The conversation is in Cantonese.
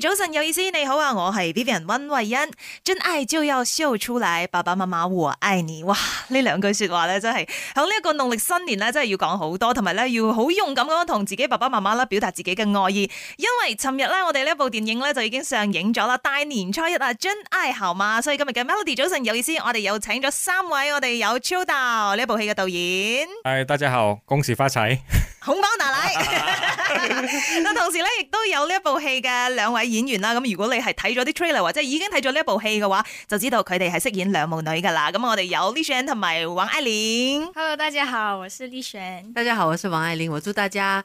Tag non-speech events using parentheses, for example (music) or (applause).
早晨有意思，你好啊，我係 Vivian 溫慧欣，真愛就要 show 出來，爸爸媽媽我愛你，哇，呢兩句說話咧真係，喺呢一個農曆新年咧真係要講好多，同埋咧要好勇敢咁樣同自己爸爸媽媽啦，表達自己嘅愛意，因為尋日咧我哋呢一部電影咧就已經上映咗啦，大年初一啊，真愛後嘛，所以今日嘅 Melody 早晨有意思，我哋有請咗三位我哋有超導呢一部戲嘅導演，係、哎、大家好，恭喜發財， (laughs) 紅包拿大奶！但 (laughs) (laughs) 同時咧亦都有呢一部戲嘅兩位演員啦，咁如果你係睇咗啲 trailer 或者已經睇咗呢一部戲嘅話，就知道佢哋係飾演兩母女噶啦。咁我哋有 Lishan 同埋王愛玲。Hello，大家好，我是 Lishan。大家好，我是王愛玲。我祝大家。